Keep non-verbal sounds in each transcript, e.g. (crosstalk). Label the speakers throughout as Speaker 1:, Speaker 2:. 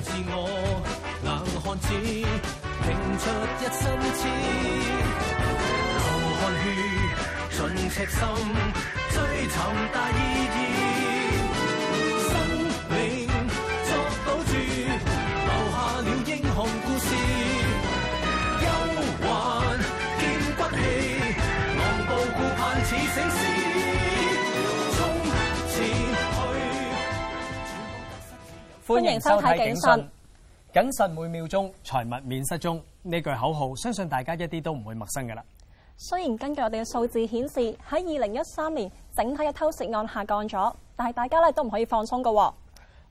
Speaker 1: 自我硬漢子，拼出一身刺，流汗血，盡赤心，追尋大意義。生命作賭注，留下了英雄故事。憂
Speaker 2: 患見骨氣，昂步顧盼似醒獅。歡迎收睇警
Speaker 1: 訊，謹慎每秒鐘，財物免失蹤。呢句口號相信大家一啲都唔會陌生噶啦。
Speaker 2: 雖然根據我哋嘅數字顯示，喺二零一三年整體嘅偷竊案下降咗，但係大家咧都唔可以放鬆噶。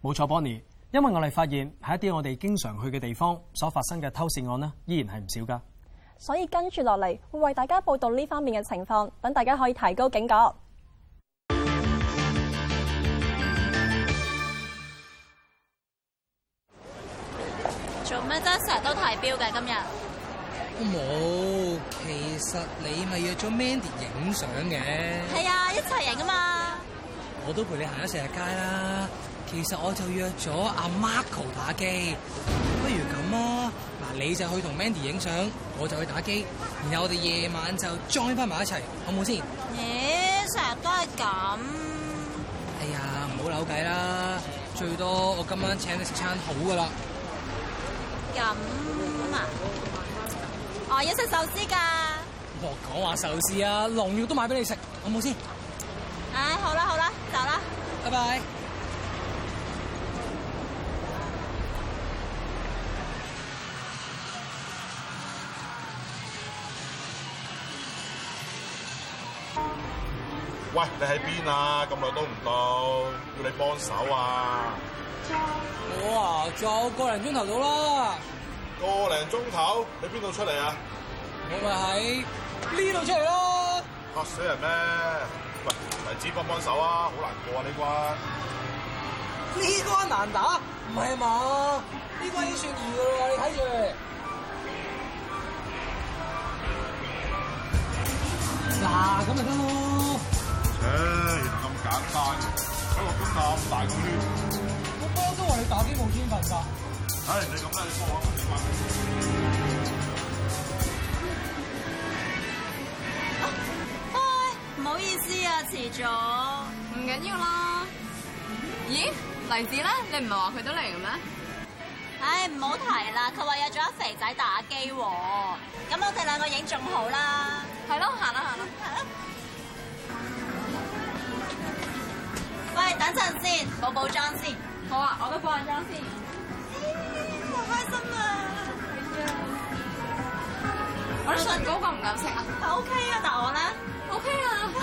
Speaker 1: 冇錯，Bonnie，因為我哋發現喺一啲我哋經常去嘅地方所發生嘅偷竊案呢，依然係唔少噶。
Speaker 2: 所以跟住落嚟會為大家報道呢方面嘅情況，等大家可以提高警覺。真成日都睇表嘅，
Speaker 3: 今日我冇。
Speaker 1: 其實你咪約咗 Mandy 影相嘅？
Speaker 2: 係啊，一齊影啊嘛。
Speaker 1: 我都陪你行咗成日街啦。其實我就約咗阿 Marco 打機。不如咁啊，嗱，你就去同 Mandy 影相，我就去打機。然後我哋夜晚就 join 翻埋一齊，好唔好先？
Speaker 2: 咦、欸，成日都係咁。哎呀，唔好扭計啦。最多我今晚請你食餐好噶啦。咁啊！我要食壽司噶，
Speaker 1: 莫講話壽司啊，龍肉都買俾你食，好唔好先？
Speaker 2: 哎，好啦好啦，走啦，拜拜。
Speaker 1: 喂，你喺邊啊？咁耐都唔到，要你幫手啊！我啊，仲有個零鐘頭到啦。個零鐘頭，你邊度出嚟啊？
Speaker 2: 我咪喺呢度出嚟咯。吓死人咩？喂，弟子幫幫手啊，好難過啊呢關。
Speaker 1: 呢關難打？
Speaker 2: 唔係嘛？呢關已經算易嘅啦，你睇住。嗱，咁咪
Speaker 3: 得咯。切、欸，原來咁簡單，我落咗咁大股。你打機冇天份吧？唉、啊，你咁
Speaker 2: 啦，你喂，唔好意思啊，遲咗。唔緊要啦。咦，黎子咧？你唔係話佢都嚟嘅咩？唉、哎，唔好提啦。佢話約咗肥仔打機咁、啊、我哋兩個影仲好啦。係咯，行啦，行啦。係啦。喂，等陣先補妝，補補妝先。好啊，我都化緊妝先嘿嘿。好開心啊！我啲唇膏夠唔夠色啊？O K 啊，但我咧 O K 啊。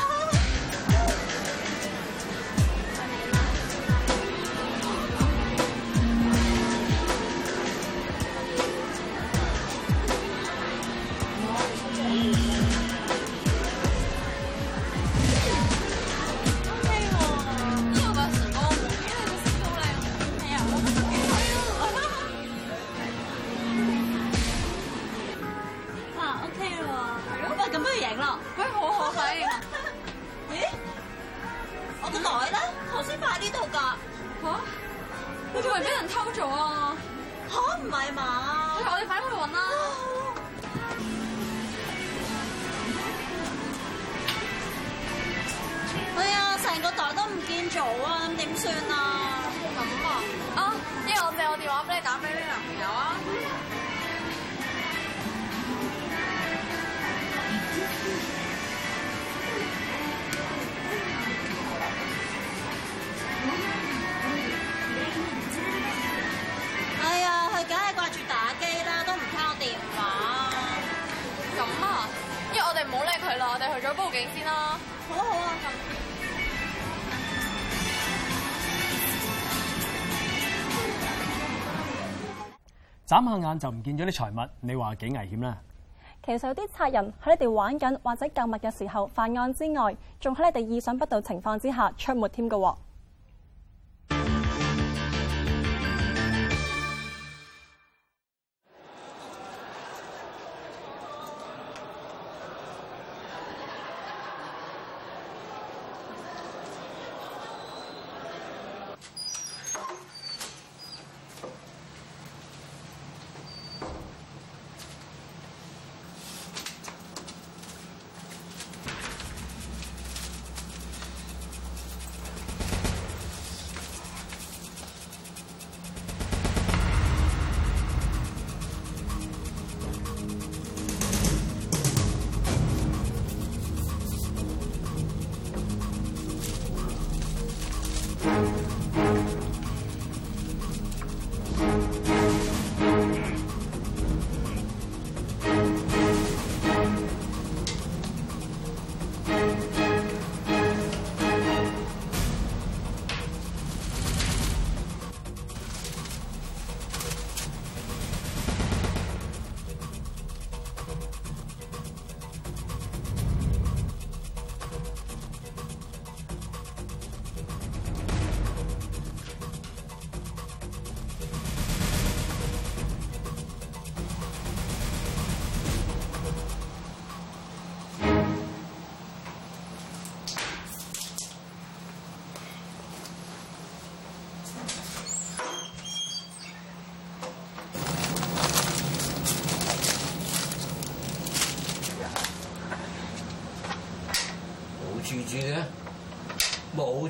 Speaker 1: 先咯，好好啊！眨下眼就唔見咗啲財物，你話幾危險啦？
Speaker 2: 其實有啲賊人喺你哋玩緊或者購物嘅時候犯案之外，仲喺你哋意想不到情況之下出沒添㗎喎。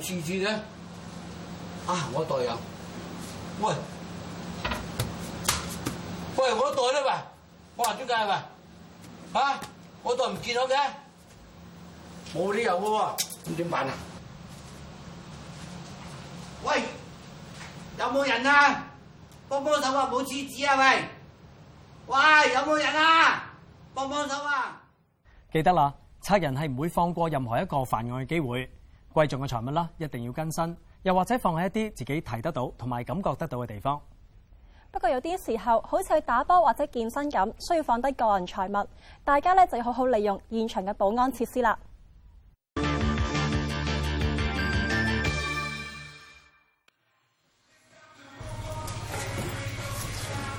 Speaker 3: 廁紙咧？啊，我袋有。喂，喂，我袋咧吧？我話，點解呀？啊，我袋唔見到嘅，冇理由嘅喎，咁點辦啊？喂，有冇人啊？
Speaker 4: 幫幫手啊！冇廁紙啊喂！喂，有冇人啊？幫幫手啊！
Speaker 1: 記得啦，賊人係唔會放過任何一個犯案嘅機會。貴重嘅財物啦，一定要更新，又或者放喺一啲自己睇得到同埋感覺得到嘅地方。
Speaker 2: 不過有啲時候，好似去打波或者健身咁，需要放低個人財物，大家咧就要好好利用現場嘅保安設施啦。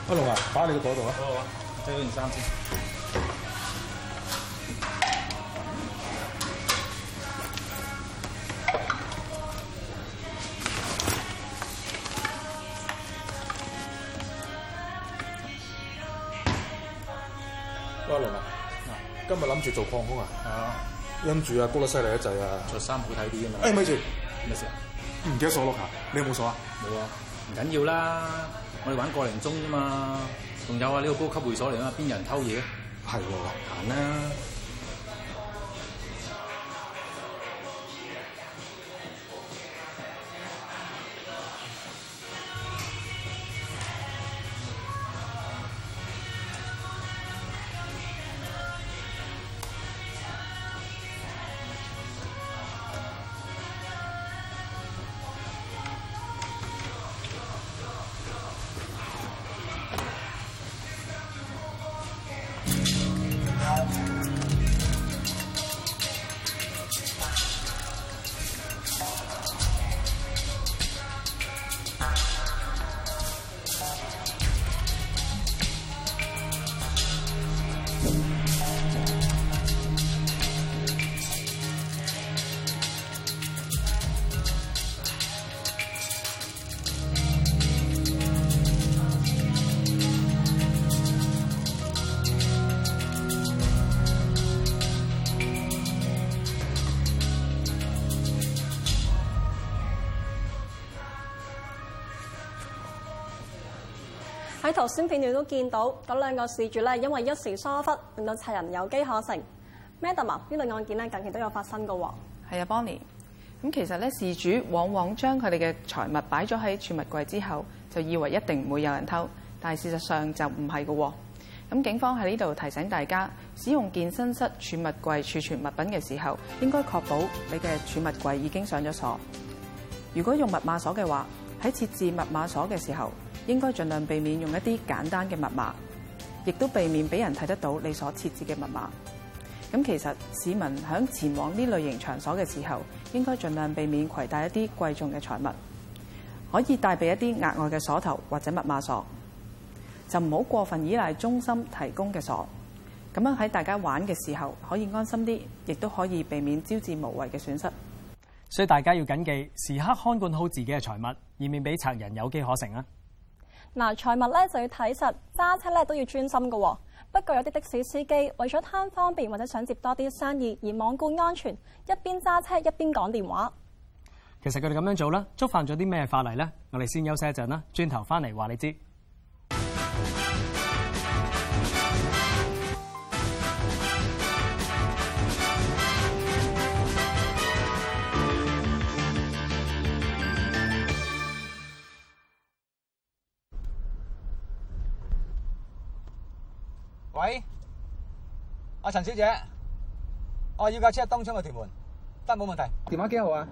Speaker 3: 阿龍啊，擺喺你嗰度啦，即係嗰件衫先。阿羅啊，今日諗住做放空啊，係啊，跟住啊高得犀利一陣啊，着衫、啊、好睇啲啊嘛。哎、欸，咪住，咩事啊？唔記得鎖落牙，你有冇鎖有啊？冇啊，唔緊要啦，我哋玩個零鐘啫嘛。仲有啊，呢、這個高級會所嚟啊嘛，邊有人偷嘢？係喎、啊，難啦。
Speaker 2: 喺頭先片段都見到嗰兩個事主咧，因為一時疏忽，令到賊人有機可乘。Madam，呢類案件咧，近期都有發生㗎。係啊，Bonnie。咁其實咧，事主往往將佢哋嘅財物擺咗喺儲物櫃之後，就以為一定唔會有人偷，但係事實上就唔係㗎。咁警方喺呢度提醒大家，使用健身室儲物櫃儲存物品嘅時候，應該確保你嘅儲物櫃已經上咗鎖。如果用密碼鎖嘅話，喺設置密碼鎖嘅時候，應該盡量避免用一啲簡單嘅密碼，亦都避免俾人睇得到你所設置嘅密碼。咁其實市民響前往呢類型場所嘅時候，應該盡量避免攜帶一啲貴重嘅財物，可以帶備一啲額外嘅鎖頭或者密碼鎖，就唔好過分依賴中心提供嘅鎖。咁樣喺大家玩嘅時候可以安心啲，亦都可以避免招致無謂嘅損失。所以
Speaker 1: 大家要緊記，時刻看管好自己嘅財物，以免俾賊人有機可乘啊！
Speaker 2: 嗱，財物咧就要睇實，揸車咧都要專心噶。不過有啲的士司機為咗貪方便或者想接多啲生意而罔顧安全，一邊揸車一邊講電話。
Speaker 1: 其實佢哋咁樣做啦，觸犯咗啲咩法例咧？我哋先休息一陣啦，轉頭翻嚟話你知。
Speaker 4: 陳小姐，我要架車東涌去屯門，得冇問題。
Speaker 3: 電話幾號啊？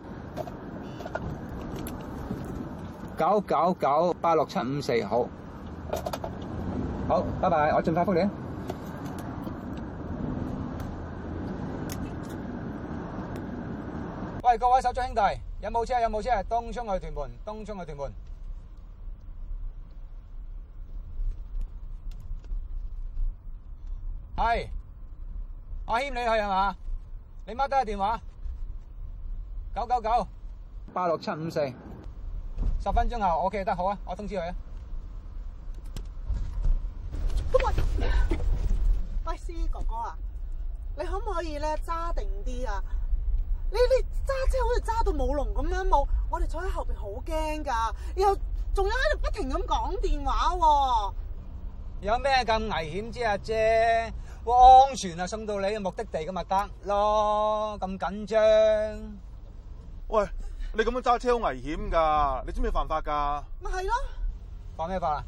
Speaker 3: 九九九八六七五四號。好，好，拜拜。我盡快覆你。喂，各位手足兄
Speaker 4: 弟，有冇車？有冇車？東涌去屯門，東涌去屯門。Hi。阿謙，你去係嘛？你媽打個電話，九九九
Speaker 3: 八六七五四。
Speaker 4: 十分鐘後我記得好啊，我通知佢啊。喂，喂，C 哥哥你可不可以呢定啊，你可唔可以咧揸定啲啊？你你揸車好似揸到
Speaker 1: 舞龍咁樣冇，我哋坐喺後邊好驚噶，又仲有喺度不停咁講電
Speaker 4: 話喎。有咩咁危險啫，阿姐？安全啊，送到你嘅目的地咁咪得咯。咁緊張，喂，你咁樣揸車好危險噶，你知唔知犯法噶？咪係咯，犯咩法啊？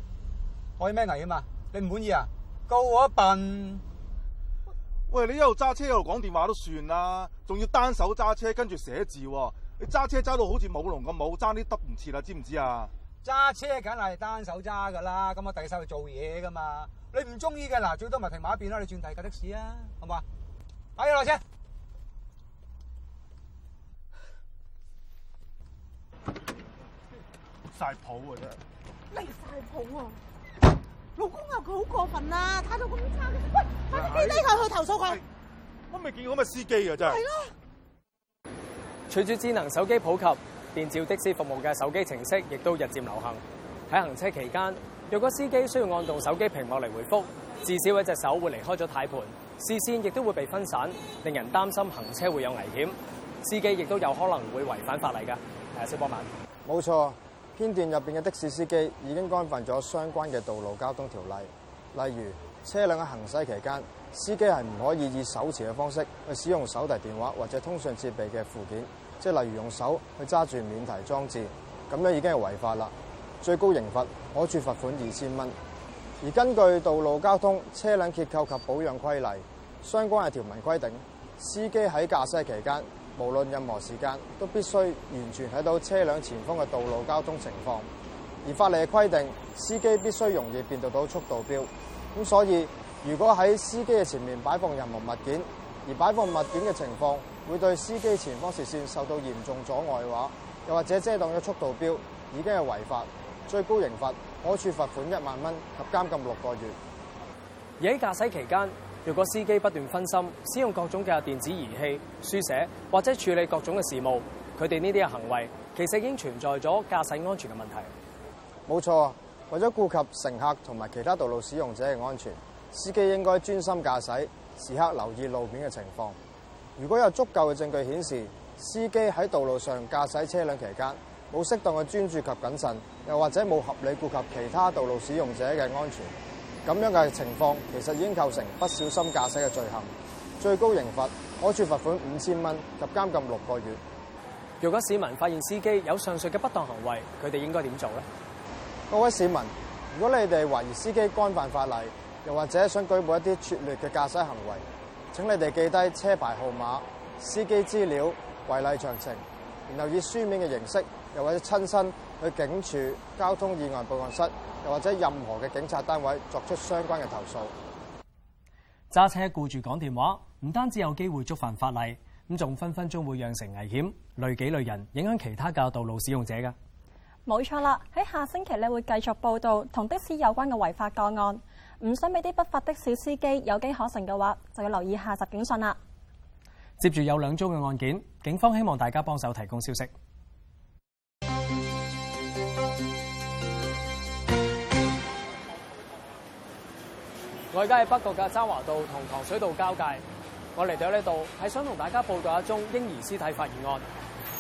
Speaker 3: 我有咩危險啊？你唔滿意啊？告我一笨喂！你一路揸車一路講電話都算啦，仲要單手揸車跟住寫字，你揸車揸到好似舞龍咁，冇揸啲得唔切啦，知唔知啊？
Speaker 4: 揸車梗係單手揸噶啦，咁我第二手去做嘢噶嘛。你唔中意嘅嗱，最多咪停埋一邊啦，你轉第二架的士好不好是浮浮啊，好唔好啊？哎呀
Speaker 3: 老姐，晒譜啊真係。
Speaker 4: 咩晒譜啊？老公啊，佢好過分啊，態度咁差嘅。喂，快啲記低佢去投訴佢，哎。
Speaker 1: 我未見過咁嘅司機啊真係。係啦，啊。隨住智能手機普及。電召的士服務嘅手機程式亦都日漸流行。喺行車期間，若果司機需要按動手機屏幕嚟回覆，至少有一隻手會離開咗軚盤，視線亦都會被分散，令人擔心行車會有危險。司機亦都有可能會違反法例㗎。小波文，
Speaker 4: 冇錯，片段入面嘅的、的士司機已經干犯咗相關嘅道路交通條例，例如車輛喺行駛期間，司機係唔可以以手持嘅方式去使用手提電話或者通訊設備嘅附件。即，例如用手去揸住免提裝置，咁樣已經係違法啦。最高刑罰可處罰款二千蚊。而根據《道路交通車輛結構及保養規例》相關嘅條文規定，司機喺駕駛期間，無論任何時間，都必須完全睇到車輛前方嘅道路交通情況。而法例嘅規定，司機必須容易辨讀到速度標，咁所以，如果喺司機嘅前面擺放任何物件，而擺放物件嘅情況。會對司機前方視線受到嚴重阻礙嘅話，又或者遮擋咗速度標，已經係違法，最高刑罰可處罰款一萬蚊及監禁六個月。
Speaker 1: 而喺駕駛期間，若果司機不斷分心，使用各種嘅電子儀器、書寫或者處理各種嘅事務，佢哋呢啲嘅行為其實已經存在咗駕駛安全嘅問題。
Speaker 4: 冇錯，為咗顧及乘客同埋其他道路使用者嘅安全，司機應該專心駕駛，時刻留意路面嘅情況。如果有足夠嘅證據顯示司機喺道路上駕駛車輛期間冇適當嘅專注及謹慎，又或者冇合理顧及其他道路使用者嘅安全，咁樣嘅情況其實已經構成不小心駕駛嘅罪行，最高刑罰可處罰款五千蚊及監禁六個月。如果
Speaker 1: 市民發現司機有上述嘅不當行為，佢哋應該點做呢？
Speaker 4: 各位市民，如果你哋懷疑司機干犯法例，又或者想舉報一啲拙劣嘅駕駛行為，請你哋記低車牌號碼、司機資料、違例詳情，然後以書面嘅形式，又或者親身去警署、交通意外報案室，又或者任何嘅警察單位作出相關嘅投訴。
Speaker 1: 揸車顧住講電話，唔單止有機會觸犯法例，咁仲分分鐘會釀成危險，累己累人，影響其他嘅道路使用者噶。
Speaker 2: 冇錯啦，喺下星期咧會繼續報道同的士有關嘅違法個案。唔想俾啲不法的小司機有機可乘嘅話，就要留意下集警訊啦。
Speaker 1: 接住有兩宗嘅案件，警方希望大家幫手提供消息。我而家喺北角嘅渣華道同糖水道交界，我嚟到呢度係想同大家報道一宗嬰兒屍體發現案，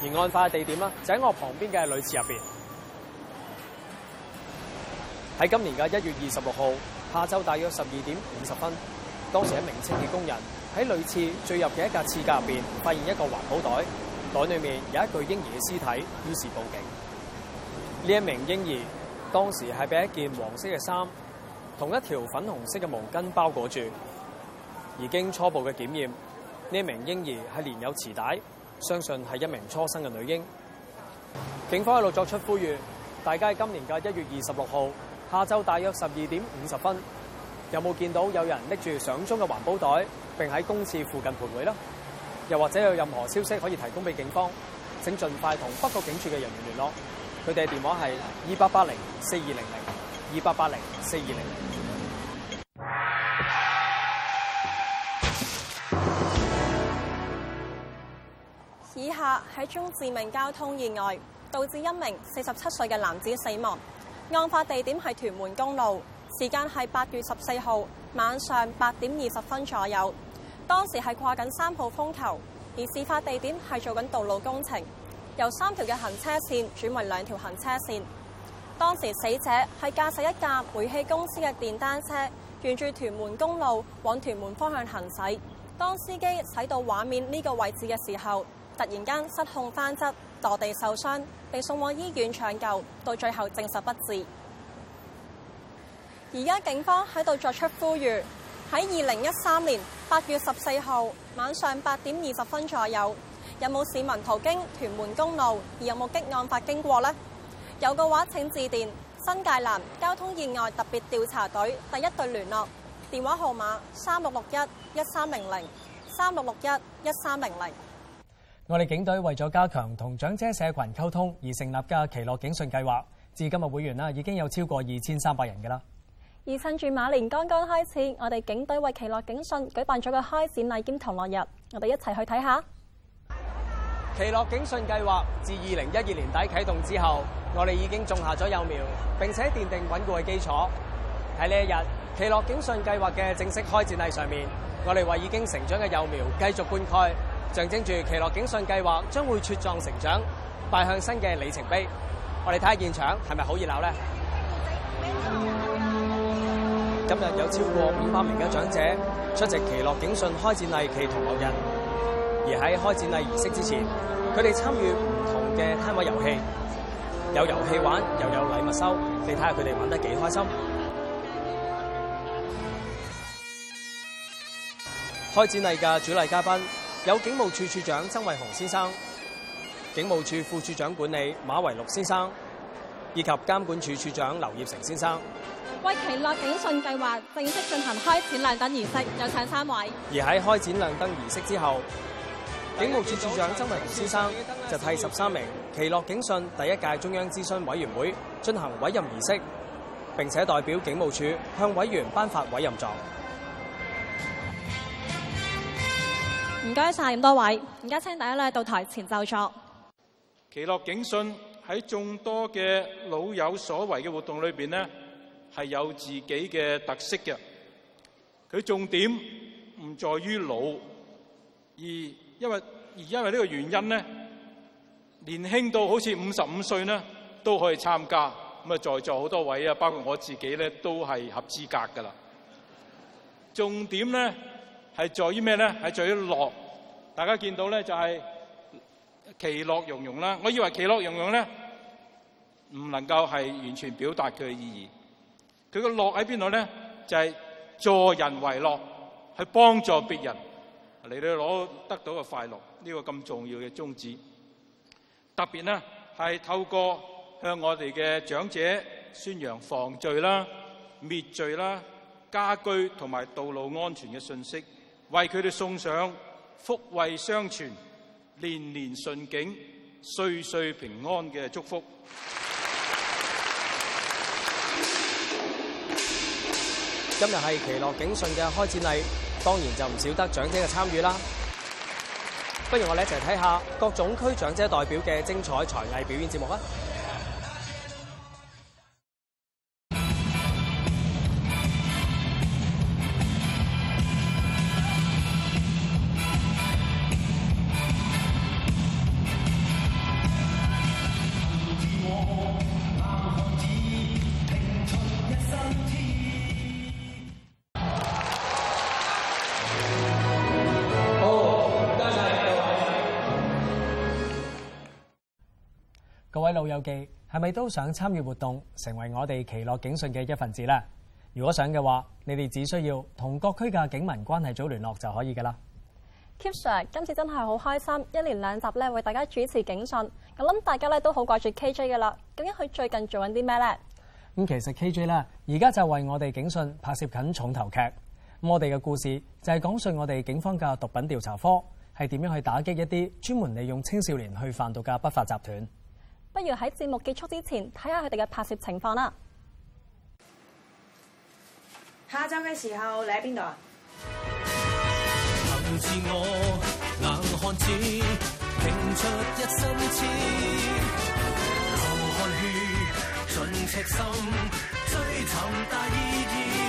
Speaker 1: 而案發嘅地點啦就喺我旁邊嘅女廁入邊。喺今年嘅一月二十六號。下晝大約十二點五十分，當時一名清潔工人喺類似墜入嘅一架廁格入邊，發現一個環保袋，袋，袋裏面有一具嬰兒嘅屍體，於是報警。呢一名嬰兒當時係被一件黃色嘅衫同一條粉紅色嘅毛巾包裹住，而經初步嘅檢驗，呢一名嬰兒係連有臍帶，相信係一名初生嘅女嬰。警方喺度作出呼籲，大家今年嘅一月二十六號。下晝大約十二點五十分，有冇見到有人拎住相中嘅環保袋，並喺公廁附近徘徊呢？又或者有任何消息可以提供俾警方？請盡快同北角警署嘅人員聯絡，佢哋嘅電話係二八八零四二零零二八八零四二零零。
Speaker 2: 以下係中致命交通意外，導致一名四十七歲嘅男子死亡。案發地點係屯門公路，時間係八月十四號晚上八點二十分左右。當時係跨緊三號風球，而事發地點係做緊道路工程，由三條嘅行車線轉為兩條行車線。當時死者係駕駛一架煤氣公司嘅電單車，沿住屯門公路往屯門方向行駛。當司機駛到畫面呢個位置嘅時候，突然間失控翻側，墮地受傷。被送往醫院搶救，到最後證實不治。而家警方喺度作出呼籲：喺二零一三年八月十四號晚上八點二十分左右，有冇市民途經屯門公路而有目擊案發經過呢？有嘅話，請致電新界南交通意外特別調查隊第一隊聯絡電話號碼三六六一一三零零三六六一一三零零。
Speaker 1: 我哋警隊為咗加強同長者社群溝通而成立嘅奇樂警訊計劃，至今日會員啦已經有超過二千三百人嘅啦。
Speaker 2: 而趁住馬年剛剛開始，我哋警隊為奇樂警訊舉辦咗個開展禮兼同樂日，我哋一齊去睇下。
Speaker 1: 奇樂警訊計劃自二零一二年底啟動之後，我哋已經種下咗幼苗，並且奠定穩固嘅基礎。喺呢一日奇樂警訊計劃嘅正式開展禮上面，我哋為已經成長嘅幼苗繼續灌溉。象徵住奇樂警訊計劃將會茁壯成長，邁向新嘅里程碑。我哋睇下現場係咪好熱鬧咧？今日有超過五百名嘅長者出席奇樂警訊開展禮暨同樂日，而喺開展禮儀式之前，佢哋參與唔同嘅攤位遊戲，有遊戲玩又有禮物收。你睇下佢哋玩得幾開心！開展禮嘅主禮嘉賓。有警務處處長曾偉雄先生、警務處副處長管理馬維騄先生，以及監管處處長劉業成先生，
Speaker 2: 為耆樂警訊計劃正式進行開展亮燈儀式，有請三位。
Speaker 1: 而喺開展亮燈儀式之後，警務處處長曾偉雄先生就替十三名耆樂警訊第一屆中央諮詢委員會進行委任儀式，並且代表警務處向委員頒發委任狀。
Speaker 2: 唔該晒，咁多位，而家請大家咧到台前就座。
Speaker 3: 耆樂警訊喺眾多嘅老有所為嘅活動裏邊咧，係有自己嘅特色嘅。佢重點唔在於老，而因為而因為呢個原因咧，年輕到好似五十五歲咧都可以參加。咁啊，在座好多位啊，包括我自己咧都係合資格㗎啦。重點咧。係在於咩咧？係在於樂。大家見到咧，就係其樂融融啦。我以為其樂融融咧，唔能夠係完全表達佢嘅意義。佢嘅樂喺邊度咧？就係助人為樂，去幫助別人嚟到攞得到嘅快樂。呢個咁重要嘅宗旨。特別呢，係透過向我哋嘅長者宣揚防罪啦、滅罪啦、家居同埋道路安全嘅信息。為佢哋送上福慧相傳、年年順景、歲歲平安嘅祝福。
Speaker 1: 今日係其樂景順嘅開展禮，當然就唔少得長者嘅參與啦。不如我哋一齊睇下各種區長者代表嘅精彩才藝表演節目啦。各位老友記，係咪都想參與活動，成為我哋奇樂警訊嘅一份子呢？如果想嘅話，你哋只需要同各區嘅警民關係組聯絡就可以噶啦。
Speaker 2: K Sir，今次真係好開心，一連兩集咧為大家主持警訊。我諗大家咧都好掛住 K J 㗎喇。究竟佢最近做緊啲咩呢？咁
Speaker 1: 其實 K J 咧而家就為我哋警訊拍攝緊重頭劇。我哋嘅故事就係講述我哋警方嘅毒品調查科係點樣去打擊一啲專門利用青少年去販毒嘅不法集
Speaker 3: 團。
Speaker 2: 不如喺節目結束之前睇下佢哋嘅拍攝情況啦。
Speaker 1: 下晝嘅時候你喺邊度啊？ (music)